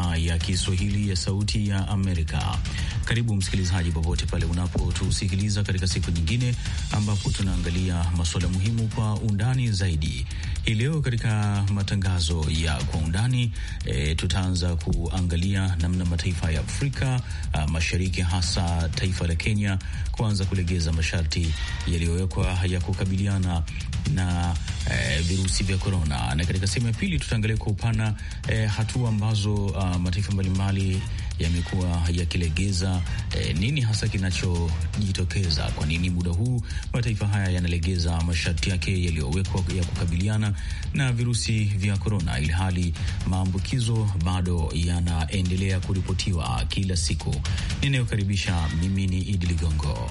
idhaa ya Kiswahili ya Sauti ya Amerika. Karibu msikilizaji, popote pale unapotusikiliza katika siku nyingine ambapo tunaangalia masuala muhimu kwa undani zaidi. Hii leo katika matangazo ya kwa undani e, tutaanza kuangalia namna mataifa ya Afrika a, Mashariki hasa taifa la Kenya kuanza kulegeza masharti yaliyowekwa ya kukabiliana na e, virusi vya korona, na katika sehemu ya pili tutaangalia kwa upana e, hatua ambazo a, mataifa mbalimbali yamekuwa yakilegeza. E, nini hasa kinachojitokeza? Kwa nini muda huu mataifa haya yanalegeza masharti yake yaliyowekwa ya kukabiliana na virusi vya korona, ilhali maambukizo bado yanaendelea kuripotiwa kila siku? Ninayokaribisha mimi ni Idi Ligongo.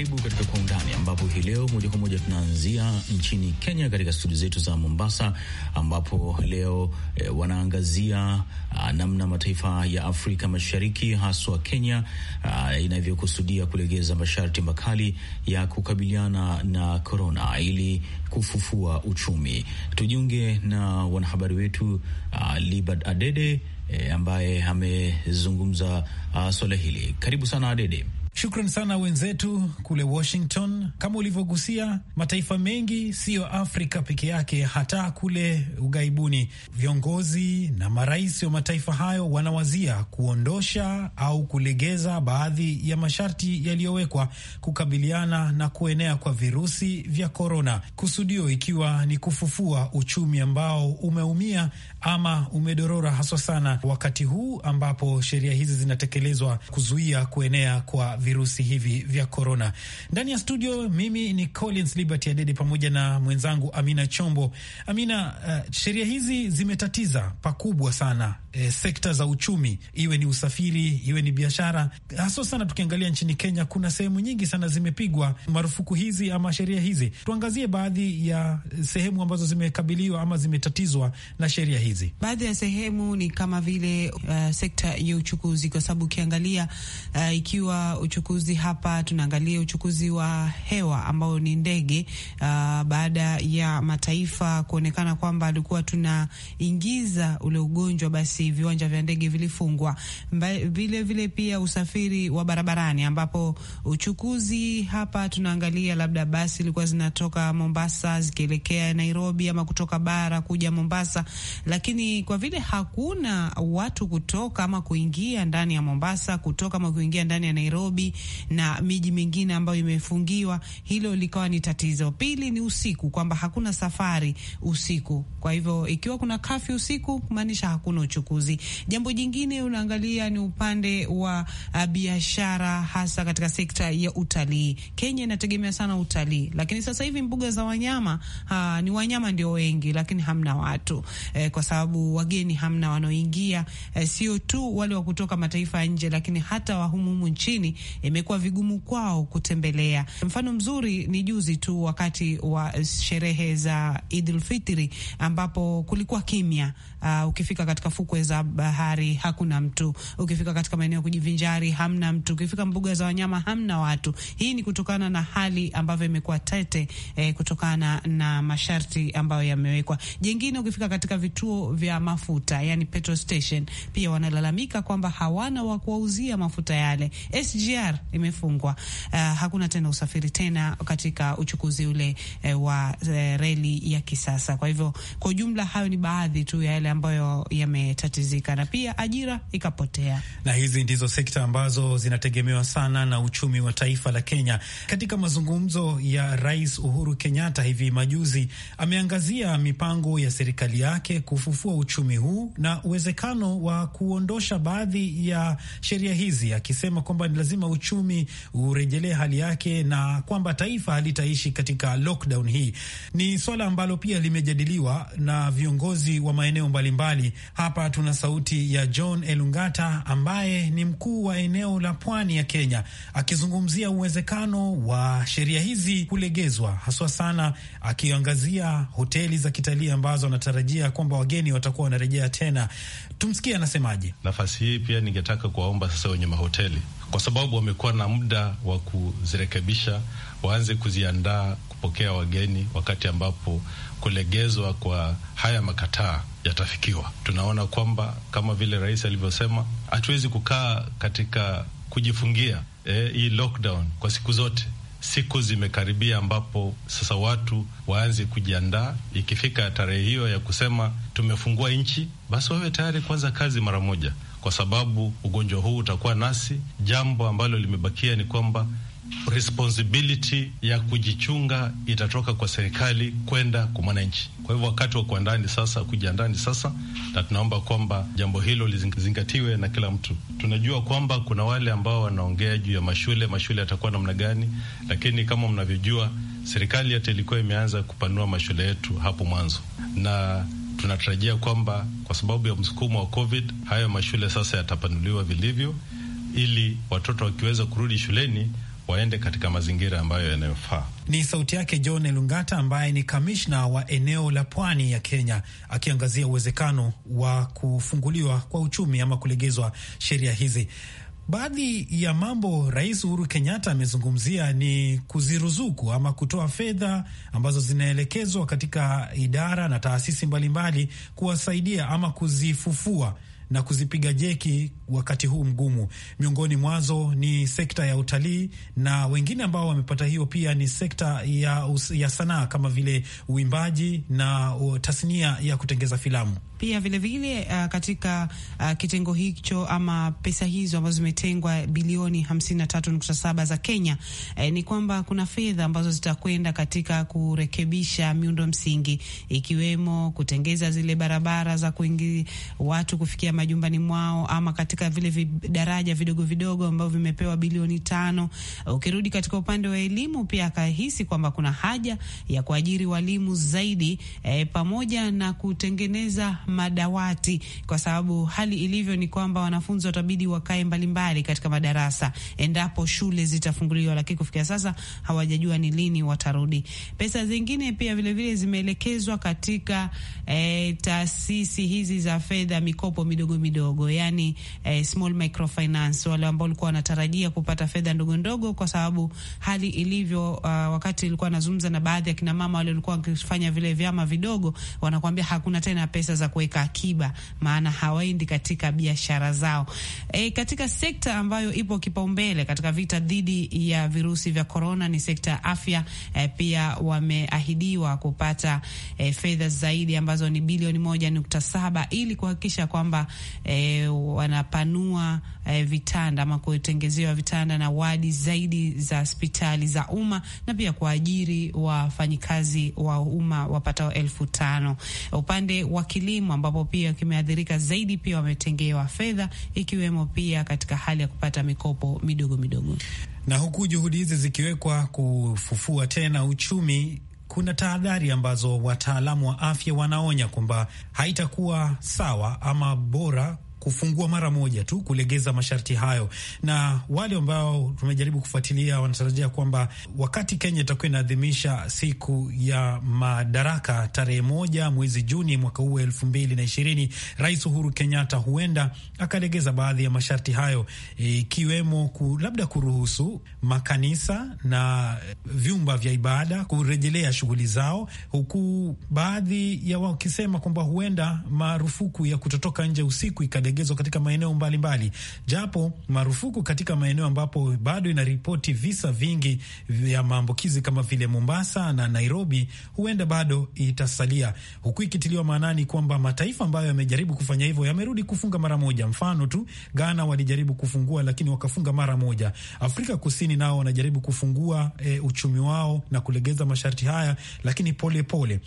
Karibu katika Kwa Undani, ambapo hii leo moja kwa moja tunaanzia nchini Kenya, katika studio zetu za Mombasa, ambapo leo e, wanaangazia a, ah, namna mataifa ya Afrika Mashariki haswa Kenya ah, inavyokusudia kulegeza masharti makali ya kukabiliana na korona ili kufufua uchumi. Tujiunge na wanahabari wetu ah, Libad Adede e, ambaye amezungumza swala hili. Karibu sana Adede. Shukran sana wenzetu kule Washington. Kama ulivyogusia, mataifa mengi, siyo Afrika peke yake, hata kule ughaibuni, viongozi na marais wa mataifa hayo wanawazia kuondosha au kulegeza baadhi ya masharti yaliyowekwa kukabiliana na kuenea kwa virusi vya korona, kusudio ikiwa ni kufufua uchumi ambao umeumia ama umedorora, haswa sana wakati huu ambapo sheria hizi zinatekelezwa kuzuia kuenea kwa virusi hivi vya korona. Ndani ya studio, mimi ni Collins Liberty Adede pamoja na mwenzangu Amina Chombo. Amina, uh, sheria hizi zimetatiza pakubwa sana e, sekta za uchumi, iwe ni usafiri, iwe ni biashara, haswa sana tukiangalia nchini Kenya, kuna sehemu nyingi sana zimepigwa marufuku hizi ama sheria hizi. Tuangazie baadhi ya sehemu ambazo zimekabiliwa ama zimetatizwa na sheria hizi. Baadhi ya sehemu ni kama vile uh, sekta ya uchukuzi, kwa sababu ukiangalia uh, ikiwa uchukuzi hapa tunaangalia uchukuzi wa hewa ambao ni ndege. Uh, baada ya mataifa kuonekana kwamba alikuwa tunaingiza ule ugonjwa, basi viwanja vya ndege vilifungwa. Vile vile pia usafiri wa barabarani, ambapo uchukuzi hapa tunaangalia labda basi ilikuwa zinatoka Mombasa zikielekea Nairobi ama kutoka bara kuja Mombasa, lakini kwa vile hakuna watu kutoka ama kuingia ndani ya Mombasa, kutoka ama kuingia ndani ya Nairobi Nairobi na miji mingine ambayo imefungiwa. Hilo likawa ni tatizo. Pili ni usiku, kwamba hakuna safari usiku. Kwa hivyo ikiwa kuna kafi usiku, kumaanisha hakuna uchukuzi. Jambo jingine unaangalia ni upande wa uh, biashara, hasa katika sekta ya utalii. Kenya inategemea sana utalii, lakini sasa hivi mbuga za wanyama ha, uh, ni wanyama ndio wengi, lakini hamna watu eh, kwa sababu wageni hamna wanaoingia, eh, sio tu wale wa kutoka mataifa ya nje, lakini hata wahumuhumu nchini imekuwa vigumu kwao kutembelea. Mfano mzuri ni juzi tu wakati wa sherehe za Idul ambapo kulikuwa kimya. Uh, ukifika katika fukwe za bahari hakuna mtu, ukifika katika maeneo ya kujivinjari hamna mtu, ukifika mbuga za wanyama hamna watu. Hii ni kutokana na hali ambavyo imekuwa tete eh, kutokana na masharti ambayo yamewekwa. Jengine, ukifika katika vituo vya mafuta yani petrol station, pia wanalalamika kwamba hawana wa kuwauzia mafuta yale SGR SGR imefungwa. Uh, hakuna tena usafiri tena katika uchukuzi ule uh, wa uh, reli ya kisasa. Kwa hivyo kwa ujumla, hayo ni baadhi tu ya yale ambayo yametatizika, na pia ajira ikapotea, na hizi ndizo sekta ambazo zinategemewa sana na uchumi wa taifa la Kenya. Katika mazungumzo ya Rais Uhuru Kenyatta hivi majuzi, ameangazia mipango ya serikali yake kufufua uchumi huu na uwezekano wa kuondosha baadhi ya sheria hizi, akisema kwamba ni lazima uchumi urejelee hali yake na kwamba taifa halitaishi katika lockdown hii. Ni swala ambalo pia limejadiliwa na viongozi wa maeneo mbalimbali. Hapa tuna sauti ya John Elungata ambaye ni mkuu wa eneo la pwani ya Kenya akizungumzia uwezekano wa sheria hizi kulegezwa, haswa sana akiangazia hoteli za kitalii ambazo anatarajia kwamba wageni watakuwa wanarejea tena. Tumsikie anasemaje. Nafasi hii pia ningetaka kuwaomba sasa wenye mahoteli, kwa sababu wamekuwa na muda wa kuzirekebisha, waanze kuziandaa kupokea wageni wakati ambapo kulegezwa kwa haya makataa yatafikiwa. Tunaona kwamba kama vile rais alivyosema, hatuwezi kukaa katika kujifungia eh, hii lockdown kwa siku zote siku zimekaribia ambapo sasa watu waanze kujiandaa. Ikifika tarehe hiyo ya kusema tumefungua nchi, basi wawe tayari kuanza kazi mara moja, kwa sababu ugonjwa huu utakuwa nasi. Jambo ambalo limebakia ni kwamba responsibility ya kujichunga itatoka kwa serikali kwenda kwa mwananchi. Kwa hivyo wakati wa kuandaa ni sasa, kujiandaa ni sasa, na tunaomba kwamba jambo hilo lizingatiwe na kila mtu. Tunajua kwamba kuna wale ambao wanaongea juu ya mashule, mashule yatakuwa namna gani, lakini kama mnavyojua, serikali hata ilikuwa imeanza kupanua mashule yetu hapo mwanzo na tunatarajia kwamba kwa sababu ya msukumo wa COVID hayo mashule sasa yatapanuliwa vilivyo, ili watoto wakiweza kurudi shuleni waende katika mazingira ambayo yanayofaa. Ni sauti yake John Elungata ambaye ni kamishna wa eneo la pwani ya Kenya akiangazia uwezekano wa kufunguliwa kwa uchumi ama kulegezwa sheria hizi. Baadhi ya mambo Rais Uhuru Kenyatta amezungumzia ni kuziruzuku ama kutoa fedha ambazo zinaelekezwa katika idara na taasisi mbalimbali kuwasaidia ama kuzifufua na kuzipiga jeki wakati huu mgumu. Miongoni mwazo ni sekta ya utalii, na wengine ambao wamepata hiyo pia ni sekta ya, ya sanaa kama vile uimbaji na tasnia ya kutengeza filamu. Pia vilevile vile, uh, katika uh, kitengo hicho ama pesa hizo ambazo zimetengwa bilioni 53.7 za Kenya eh, ni kwamba kuna fedha ambazo zitakwenda katika kurekebisha miundo msingi ikiwemo kutengeza zile barabara za kuingi watu kufikia majumbani mwao ama katika vile vidaraja vidogo vidogo ambavyo vimepewa bilioni tano. Ukirudi katika upande wa elimu pia akahisi kwamba kuna haja ya kuajiri walimu zaidi eh, pamoja na kutengeneza madawati, kwa sababu hali ilivyo ni kwamba wanafunzi watabidi wakae mbalimbali katika madarasa endapo shule zitafunguliwa, lakini kufikia sasa hawajajua ni lini watarudi. Pesa zingine pia vilevile zimeelekezwa katika eh, taasisi hizi za fedha, mikopo midogo midogo, yani eh, small microfinance, wale ambao walikuwa wanatarajia kupata fedha ndogo ndogo, kwa sababu hali ilivyo. Uh, wakati ilikuwa nazungumza na baadhi ya kina mama wale walikuwa wakifanya vile vyama vidogo, wanakuambia hakuna tena pesa za kwe kuweka akiba, maana hawaendi katika biashara zao. E, katika sekta ambayo ipo kipaumbele katika vita dhidi ya virusi vya korona ni sekta ya afya. E, pia wameahidiwa kupata e, fedha zaidi ambazo ni bilioni moja nukta saba ili kuhakikisha kwamba e, wanapanua e, vitanda ama kutengezewa vitanda na wadi zaidi za hospitali za umma na pia kuajiri wafanyikazi wa umma wapatao elfu tano. Upande wa kilimo ambapo pia kimeathirika zaidi, pia wametengewa fedha, ikiwemo pia katika hali ya kupata mikopo midogo midogo. Na huku juhudi hizi zikiwekwa kufufua tena uchumi kuna tahadhari ambazo wataalamu wa afya wanaonya kwamba haitakuwa sawa ama bora kufungua mara moja tu kulegeza masharti hayo, na wale ambao tumejaribu kufuatilia wanatarajia kwamba wakati Kenya itakuwa inaadhimisha siku ya madaraka tarehe moja mwezi Juni mwaka huu elfu mbili na ishirini, Rais Uhuru Kenyatta huenda akalegeza baadhi ya masharti hayo ikiwemo ku, labda kuruhusu makanisa na vyumba vya ibada kurejelea shughuli zao, huku baadhi ya wakisema kwamba huenda marufuku ya kutotoka nje usiku ikale kulegezwa katika maeneo mbalimbali, japo marufuku katika maeneo ambapo bado inaripoti visa vingi vya maambukizi kama vile Mombasa na Nairobi huenda bado itasalia, huku ikitiliwa maanani kwamba mataifa ambayo yamejaribu kufanya hivyo yamerudi kufunga mara moja. Mfano tu Ghana walijaribu kufungua lakini wakafunga mara moja. Afrika Kusini nao wanajaribu kufungua e, uchumi wao na kulegeza masharti haya, lakini polepole pole.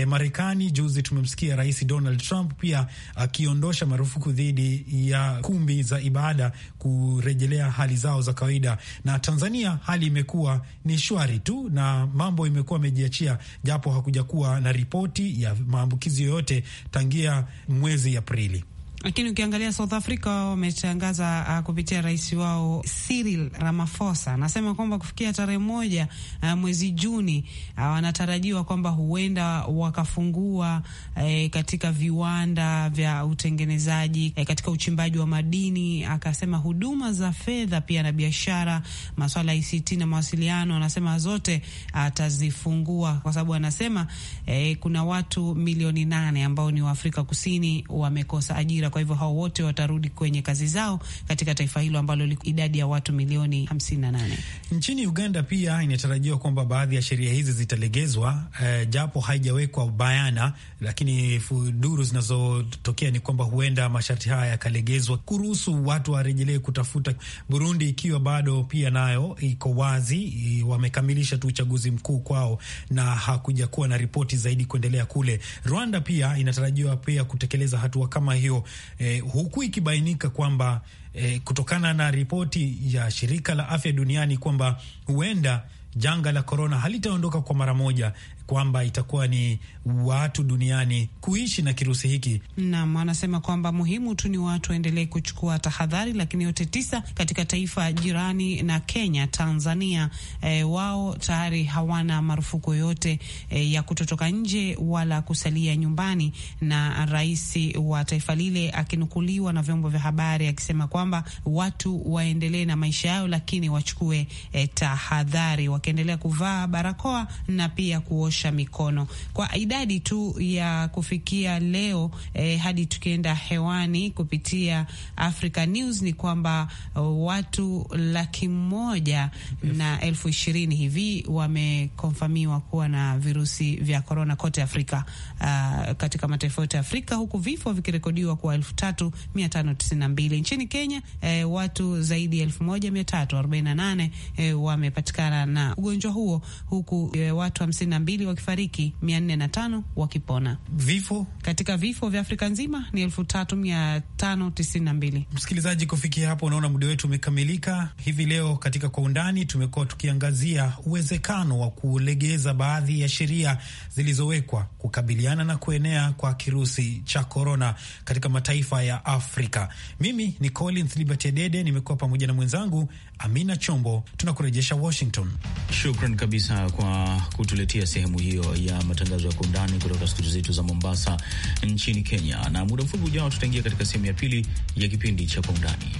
E, Marekani juzi tumemsikia Rais Donald Trump pia akiondosha marufuku zaidi ya kumbi za ibada kurejelea hali zao za kawaida. Na Tanzania hali imekuwa ni shwari tu na mambo imekuwa amejiachia, japo hakujakuwa na ripoti ya maambukizi yoyote tangia mwezi Aprili. Lakini ukiangalia South Africa wametangaza uh, kupitia rais wao Cyril Ramaphosa anasema kwamba kufikia tarehe moja uh, mwezi Juni uh, wanatarajiwa kwamba huenda wakafungua uh, katika viwanda vya utengenezaji uh, katika uchimbaji wa madini. Akasema huduma za fedha pia na biashara, maswala ya ICT na mawasiliano, anasema zote atazifungua uh, kwa sababu anasema uh, kuna watu milioni nane ambao ni waafrika Kusini wamekosa ajira ajira. Kwa hivyo hao wote watarudi kwenye kazi zao katika taifa hilo ambalo idadi ya watu milioni 58. Nchini Uganda pia inatarajiwa kwamba baadhi ya sheria hizi zitalegezwa, eh, japo haijawekwa bayana, lakini duru zinazotokea ni kwamba huenda masharti haya yakalegezwa kuruhusu watu warejelee kutafuta. Burundi ikiwa bado pia nayo iko wazi, wamekamilisha tu uchaguzi mkuu kwao na hakuja kuwa na ripoti zaidi kuendelea kule. Rwanda pia inatarajiwa pia kutekeleza hatua kama hiyo, eh, huku ikibainika kwamba eh, kutokana na ripoti ya shirika la afya duniani kwamba huenda janga la korona halitaondoka kwa mara moja, kwamba itakuwa ni watu duniani kuishi na kirusi hiki. Naam, anasema kwamba muhimu tu ni watu waendelee kuchukua tahadhari, lakini yote tisa katika taifa jirani na Kenya, Tanzania, e, wao tayari hawana marufuku yote e, eh, ya kutotoka nje wala kusalia nyumbani, na rais wa taifa lile akinukuliwa na vyombo vya habari akisema kwamba watu waendelee na maisha yao, lakini wachukue e, tahadhari wakiendelea kuvaa barakoa na pia kuosha kuosha mikono. Kwa idadi tu ya kufikia leo eh, hadi tukienda hewani kupitia Africa News ni kwamba uh, watu laki moja na elfu ishirini hivi wamekonfamiwa kuwa na virusi vya korona kote Afrika, uh, katika mataifa yote Afrika, huku vifo vikirekodiwa kuwa elfu tatu mia tano tisini na mbili nchini Kenya. Eh, watu zaidi ya elfu moja mia tatu arobaini na nane eh, wamepatikana na ugonjwa huo huku eh, watu hamsini na mbili wakifariki, 405 wakipona. Vifo katika vifo vya Afrika nzima ni 3592. Msikilizaji, kufikia hapo unaona muda wetu umekamilika. Hivi leo katika kwa undani tumekuwa tukiangazia uwezekano wa kulegeza baadhi ya sheria zilizowekwa kukabiliana na kuenea kwa kirusi cha korona katika mataifa ya Afrika. Mimi ni Collins Liberty Dede, nimekuwa pamoja na mwenzangu Amina Chombo, tunakurejesha Washington. Shukran kabisa kwa kutuletea sehemu hiyo ya matangazo ya kwa undani kutoka studio zetu za Mombasa nchini Kenya, na muda mfupi ujao tutaingia katika sehemu ya pili ya kipindi cha kwa undani.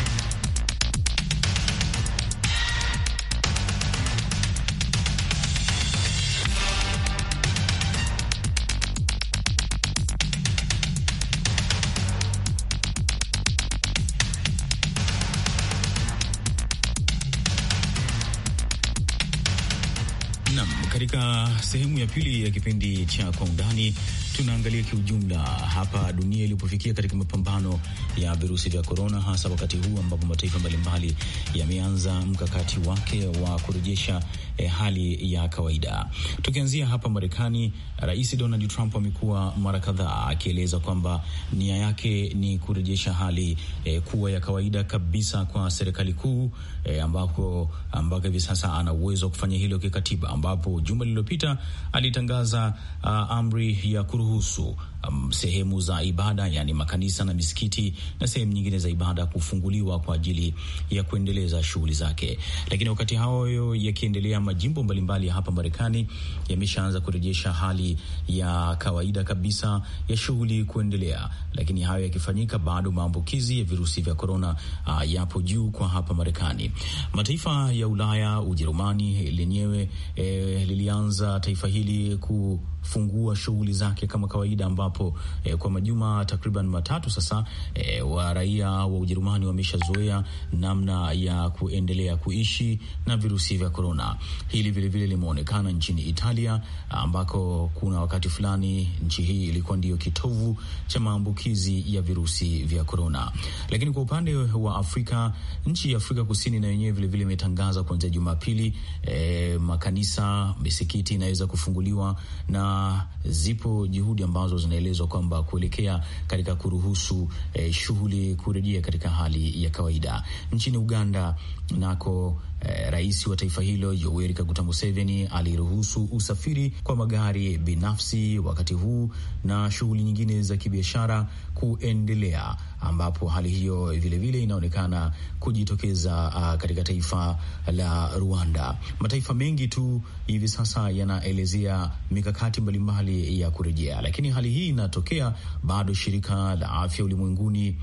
sehemu ya pili ya kipindi cha Kwa Undani tunaangalia kiujumla hapa dunia ilipofikia katika mapambano ya virusi vya korona, hasa wakati huu ambapo mataifa mbalimbali yameanza mkakati wake wa kurejesha eh, hali ya kawaida. Tukianzia hapa Marekani, Rais Donald Trump amekuwa mara kadhaa akieleza kwamba nia yake ni kurejesha hali eh, kuwa ya kawaida kabisa kwa serikali kuu eh, ambako ambako hivi sasa ana uwezo wa kufanya hilo kikatiba, ambapo juma lililopita alitangaza uh, amri ya kuru russo. um, sehemu za ibada yani makanisa na misikiti na sehemu nyingine za ibada kufunguliwa kwa ajili ya kuendeleza shughuli zake. Lakini wakati hayo yakiendelea, majimbo mbalimbali mbali hapa Marekani yameshaanza kurejesha hali ya kawaida kabisa ya shughuli kuendelea. Lakini hayo yakifanyika, bado maambukizi ya virusi vya korona uh, yapo juu kwa hapa Marekani. Mataifa ya Ulaya, Ujerumani lenyewe eh, lilianza taifa hili kufungua shughuli zake kama kawaida ambapo ambapo eh, kwa majuma takriban matatu sasa eh, wa raia wa Ujerumani wameshazoea namna ya kuendelea kuishi na virusi vya korona. Hili vilevile limeonekana nchini Italia ambako kuna wakati fulani nchi hii ilikuwa ndiyo kitovu cha maambukizi ya virusi vya korona. Lakini kwa upande wa Afrika, nchi ya Afrika Kusini na yenyewe vilevile imetangaza kuanzia Jumapili eh, makanisa, misikiti inaweza kufunguliwa na zipo juhudi ambazo zina inaelezwa kwamba kuelekea katika kuruhusu eh, shughuli kurejea katika hali ya kawaida nchini Uganda nako Eh, rais wa taifa hilo Yoweri Kaguta Museveni aliruhusu usafiri kwa magari binafsi wakati huu na shughuli nyingine za kibiashara kuendelea, ambapo hali hiyo vilevile inaonekana kujitokeza uh, katika taifa la Rwanda. Mataifa mengi tu hivi sasa yanaelezea mikakati mbalimbali ya kurejea, lakini hali hii inatokea bado shirika la afya ulimwenguni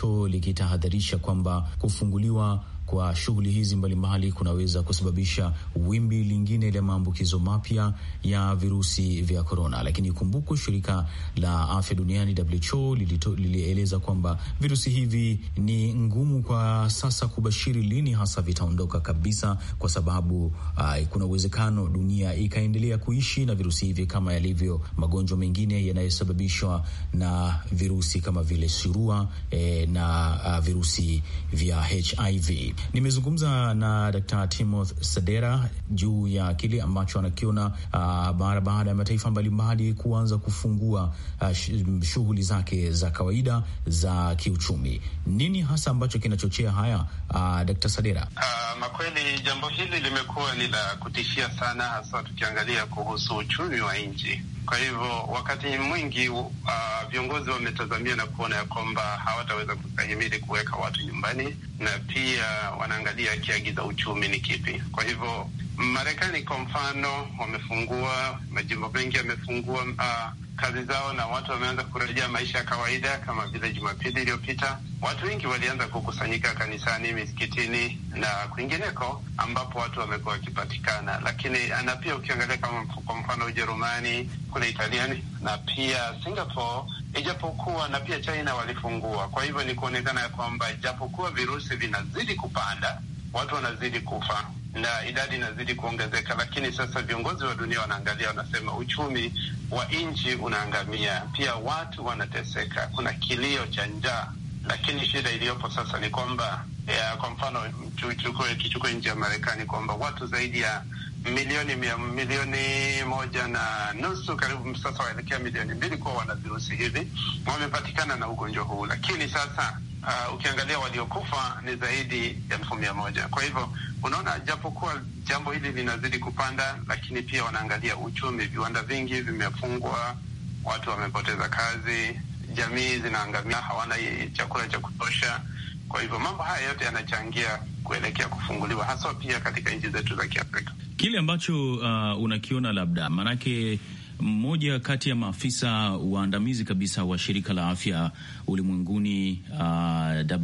WHO likitahadharisha kwamba kufunguliwa kwa shughuli hizi mbalimbali kunaweza kusababisha wimbi lingine la maambukizo mapya ya virusi vya korona. Lakini kumbuku shirika la afya duniani WHO lilieleza kwamba virusi hivi ni ngumu kwa sasa kubashiri lini hasa vitaondoka kabisa, kwa sababu uh, kuna uwezekano dunia ikaendelea kuishi na virusi hivi kama yalivyo magonjwa mengine yanayosababishwa na virusi kama vile surua eh, na uh, virusi vya HIV. Nimezungumza na d Timothy Sadera juu ya kile ambacho anakiona ah, mara baada ya mataifa mbalimbali kuanza kufungua ah, shughuli zake za kawaida za kiuchumi. Nini hasa ambacho kinachochea haya, ah, Dkt. Sadera? Makweli jambo hili limekuwa ni la kutishia sana, hasa tukiangalia kuhusu uchumi wa nchi. Kwa hivyo wakati mwingi uh, viongozi wametazamia na kuona ya kwamba hawataweza kustahimili kuweka watu nyumbani, na pia wanaangalia kiagiza uchumi ni kipi. Kwa hivyo Marekani kwa mfano, wamefungua majimbo mengi yamefungua uh, kazi zao na watu wameanza kurejea maisha ya kawaida. Kama vile Jumapili iliyopita, watu wengi walianza kukusanyika kanisani, misikitini na kwingineko ambapo watu wamekuwa wakipatikana. Lakini uh, na pia ukiangalia kama kwa mfano Ujerumani, kule Italiani na pia Singapore ijapokuwa na pia China walifungua. Kwa hivyo ni kuonekana ya kwamba ijapokuwa virusi vinazidi kupanda, watu wanazidi kufa na idadi inazidi kuongezeka, lakini sasa viongozi wa dunia wanaangalia, wanasema uchumi wa nchi unaangamia, pia watu wanateseka, kuna kilio cha njaa. Lakini shida iliyopo sasa ni kwamba, eh, kwa mfano, kichukue nchi ya Marekani kwamba watu zaidi ya milioni mia, milioni moja na nusu karibu sasa waelekea milioni mbili kuwa wana virusi hivi wamepatikana na ugonjwa huu, lakini sasa uh, ukiangalia waliokufa ni zaidi ya elfu mia moja. Kwa hivyo unaona, japokuwa jambo hili linazidi kupanda, lakini pia wanaangalia uchumi. Viwanda vingi vimefungwa, watu wamepoteza kazi, jamii zinaangamia, hawana chakula cha kutosha. Kwa hivyo mambo haya yote yanachangia kuelekea kufunguliwa haswa pia katika nchi zetu za Kiafrika, kile ambacho uh, unakiona labda maanake mmoja kati ya maafisa waandamizi kabisa wa shirika la afya ulimwenguni uh,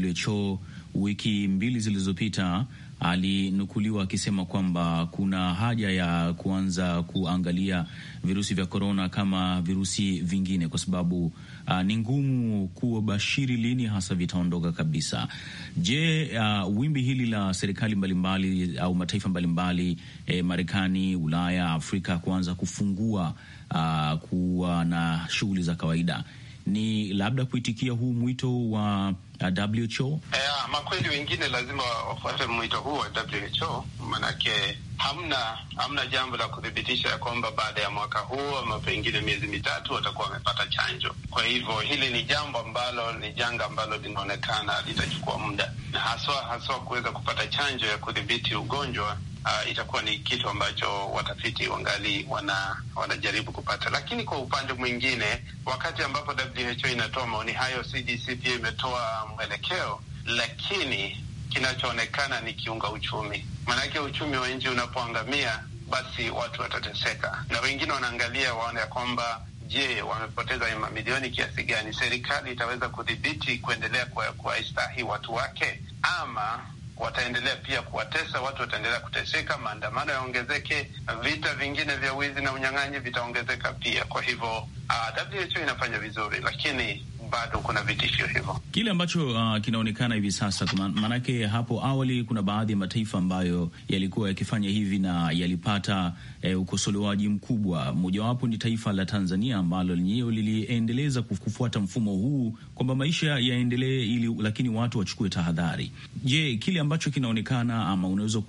WHO wiki mbili zilizopita alinukuliwa akisema kwamba kuna haja ya kuanza kuangalia virusi vya korona kama virusi vingine, kwa sababu uh, ni ngumu bashiri lini hasa vitaondoka kabisa. Je, uh, wimbi hili la serikali mbalimbali au mataifa mbalimbali eh, Marekani, Ulaya, Afrika kuanza kufungua uh, kuwa na shughuli za kawaida ni labda kuitikia huu mwito wa uh, WHO? Yeah, makweli wengine lazima wafuate mwito huu wa WHO, manake hamna hamna jambo la kuthibitisha ya kwamba baada ya mwaka huu ama pengine miezi mitatu watakuwa wamepata chanjo. Kwa hivyo hili ni jambo ambalo ni janga ambalo linaonekana litachukua muda, na haswa haswa kuweza kupata chanjo ya kudhibiti ugonjwa uh, itakuwa ni kitu ambacho watafiti wangali wana, wanajaribu kupata. Lakini kwa upande mwingine, wakati ambapo WHO inatoa maoni hayo, CDC pia imetoa mwelekeo, lakini kinachoonekana ni kiunga uchumi, maanake uchumi wa nchi unapoangamia, basi watu watateseka, na wengine wanaangalia waone ya kwamba Je, wamepoteza mamilioni kiasi gani? Serikali itaweza kudhibiti kuendelea kuwaistahi watu wake, ama wataendelea pia kuwatesa watu, wataendelea kuteseka, maandamano yaongezeke, vita vingine vya wizi na unyang'anyi vitaongezeka pia. Kwa hivyo, uh, ah, WHO inafanya vizuri, lakini bado kuna vitisho hivyo, kile ambacho uh, kinaonekana hivi sasa. Maanake hapo awali kuna baadhi ya mataifa ambayo yalikuwa yakifanya hivi na yalipata eh, ukosolewaji mkubwa. Mojawapo ni taifa la Tanzania ambalo lenyewe liliendeleza kufuata mfumo huu kwamba maisha yaendelee, ili lakini watu wachukue tahadhari. Je, kile ambacho kinaonekana ama unaweza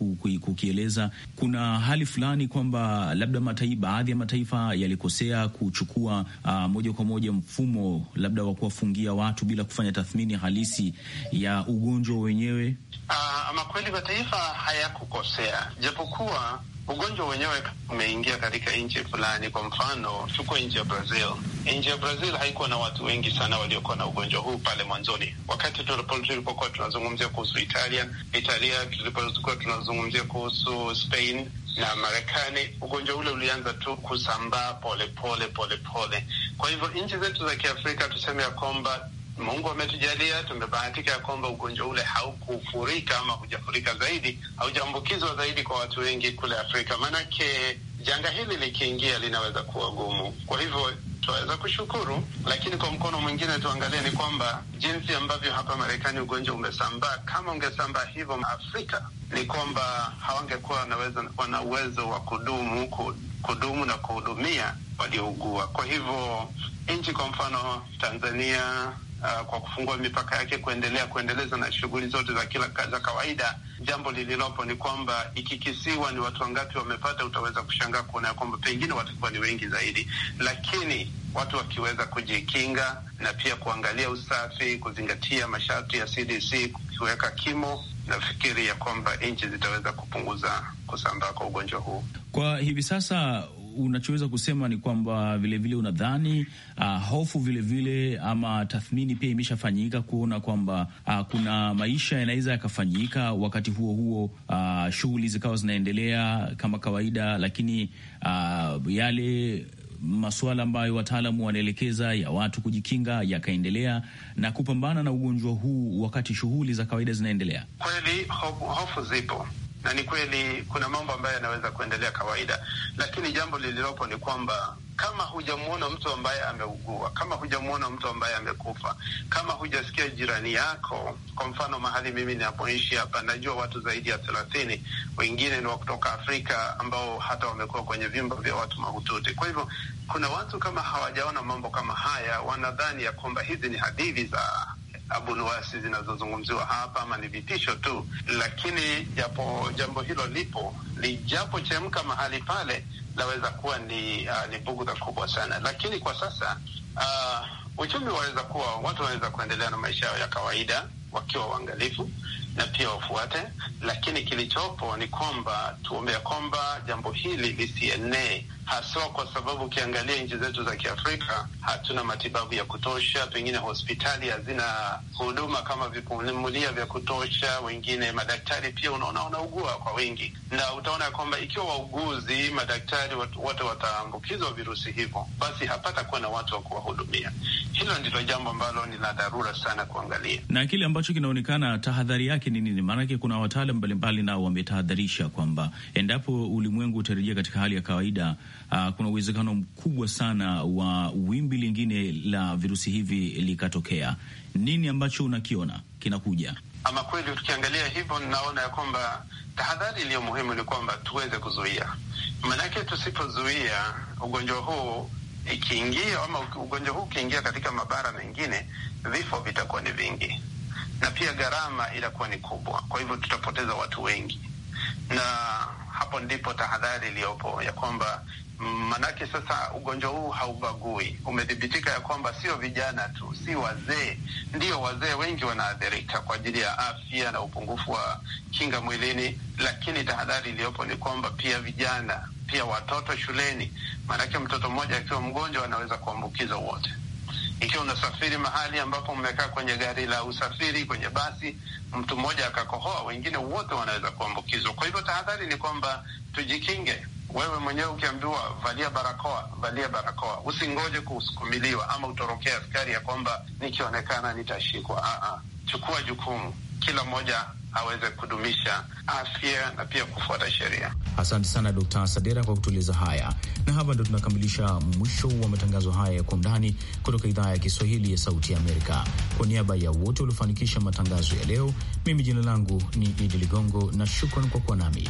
kukieleza, kuna hali fulani kwamba labda mataifa, baadhi ya mataifa yalikosea kuchukua uh, moja kwa moja mfumo labda wa kuwafungia watu bila kufanya tathmini halisi ya ugonjwa wenyewe? Uh, ama kweli mataifa hayakukosea japokuwa ugonjwa wenyewe umeingia katika nchi fulani. Kwa mfano, tuko nchi ya Brazil. Nchi ya Brazil haikuwa na watu wengi sana waliokuwa na ugonjwa huu pale mwanzoni, wakati tulipokuwa tunazungumzia kuhusu Italia, Italia tulipokuwa tunazungumzia kuhusu Spain na Marekani, ugonjwa ule ulianza tu kusambaa polepole polepole pole. Kwa hivyo nchi zetu za Kiafrika tuseme ya kwamba Mungu ametujalia, tumebahatika ya kwamba ugonjwa ule haukufurika ama hujafurika zaidi, haujaambukizwa zaidi kwa watu wengi kule Afrika, maanake janga hili likiingia linaweza kuwa gumu. Kwa hivyo tunaweza kushukuru, lakini kwa mkono mwingine tuangalie ni kwamba jinsi ambavyo hapa Marekani ugonjwa umesambaa, kama ungesambaa hivyo Afrika, ni kwamba hawangekuwa wana uwezo wa kudumu kudumu na kuhudumia waliougua. Kwa hivyo nchi, kwa mfano Tanzania uh, kwa kufungua mipaka yake kuendelea kuendeleza na shughuli zote za kila za kawaida. Jambo lililopo ni kwamba ikikisiwa ni watu wangapi wamepata, utaweza kushangaa kuona ya kwamba pengine watakuwa ni wengi zaidi, lakini watu wakiweza kujikinga na pia kuangalia usafi, kuzingatia masharti ya CDC, kuweka kimo, nafikiri ya kwamba nchi zitaweza kupunguza kusambaa kwa ugonjwa huu kwa hivi sasa unachoweza kusema ni kwamba vilevile unadhani uh, hofu vilevile ama tathmini pia imeshafanyika kuona kwamba uh, kuna maisha yanaweza yakafanyika wakati huo huo, uh, shughuli zikawa zinaendelea kama kawaida, lakini uh, yale masuala ambayo wataalamu wanaelekeza ya watu kujikinga yakaendelea na kupambana na ugonjwa huu wakati shughuli za kawaida zinaendelea. Kweli hofu zipo na ni kweli kuna mambo ambayo yanaweza kuendelea kawaida, lakini jambo lililopo ni kwamba kama hujamwona mtu ambaye ameugua, kama hujamwona mtu ambaye amekufa, kama hujasikia jirani yako, kwa mfano mahali mimi ninapoishi hapa, najua watu zaidi ya thelathini, wengine ni wa kutoka Afrika ambao hata wamekuwa kwenye vyumba vya watu mahututi. Kwa hivyo kuna watu kama hawajaona mambo kama haya, wanadhani ya kwamba hizi ni hadithi za abunuwasi zinazozungumziwa hapa ama ni vitisho tu, lakini japo jambo hilo lipo lijapochemka mahali pale, laweza kuwa ni, uh, ni bugudha kubwa sana, lakini kwa sasa uh, uchumi waweza kuwa, watu wanaweza kuendelea na maisha yao ya kawaida wakiwa waangalifu na pia wafuate, lakini kilichopo ni kwamba tuombea kwamba jambo hili lisienee haswa kwa sababu ukiangalia nchi zetu za Kiafrika hatuna matibabu ya kutosha, pengine hospitali hazina huduma kama vipumulia vya kutosha, wengine madaktari pia unaona wanaugua kwa wingi, na utaona kwamba ikiwa wauguzi, madaktari wote wataambukizwa virusi hivyo, basi hapata kuwa na watu wa kuwahudumia. Hilo ndilo jambo ambalo ni la dharura sana kuangalia, na kile ambacho kinaonekana tahadhari yake ni nini? Maanake kuna wataalam mbalimbali nao wametahadharisha kwamba endapo ulimwengu utarejea katika hali ya kawaida uh, kuna uwezekano mkubwa sana wa wimbi lingine la virusi hivi likatokea. Nini ambacho unakiona kinakuja? Ama kweli, tukiangalia hivyo, naona ya kwamba tahadhari iliyo muhimu ni kwamba tuweze kuzuia, maanake tusipozuia ugonjwa huu ikiingia ama ugonjwa huu ukiingia katika mabara mengine, vifo vitakuwa ni vingi na pia gharama itakuwa ni kubwa. Kwa hivyo tutapoteza watu wengi, na hapo ndipo tahadhari iliyopo ya kwamba Mm, manake sasa ugonjwa huu haubagui. Umethibitika ya kwamba sio vijana tu, si wazee. Ndio wazee wengi wanaathirika kwa ajili ya afya na upungufu wa kinga mwilini, lakini tahadhari iliyopo ni kwamba pia vijana, pia watoto shuleni, maanake mtoto mmoja akiwa mgonjwa anaweza kuambukiza wote. Ikiwa unasafiri mahali ambapo mmekaa kwenye gari la usafiri, kwenye basi, mtu mmoja akakohoa, wengine wote wanaweza kuambukizwa. Kwa hivyo tahadhari ni kwamba tujikinge wewe mwenyewe ukiambiwa valia barakoa, valia barakoa, usingoje kusukumiliwa ama utorokee askari ya kwamba nikionekana nitashikwa. Aa, ah, ah. chukua jukumu, kila mmoja aweze kudumisha afya na pia kufuata sheria. Asante sana Dkt. Sadera kwa kutueleza haya, na hapa ndo tunakamilisha mwisho wa matangazo haya ya Kwa Undani kutoka idhaa ya Kiswahili ya Sauti ya Amerika. Kwa niaba ya wote waliofanikisha matangazo ya leo, mimi jina langu ni Idi Ligongo na shukran kwa kuwa nami.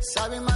sabe mais.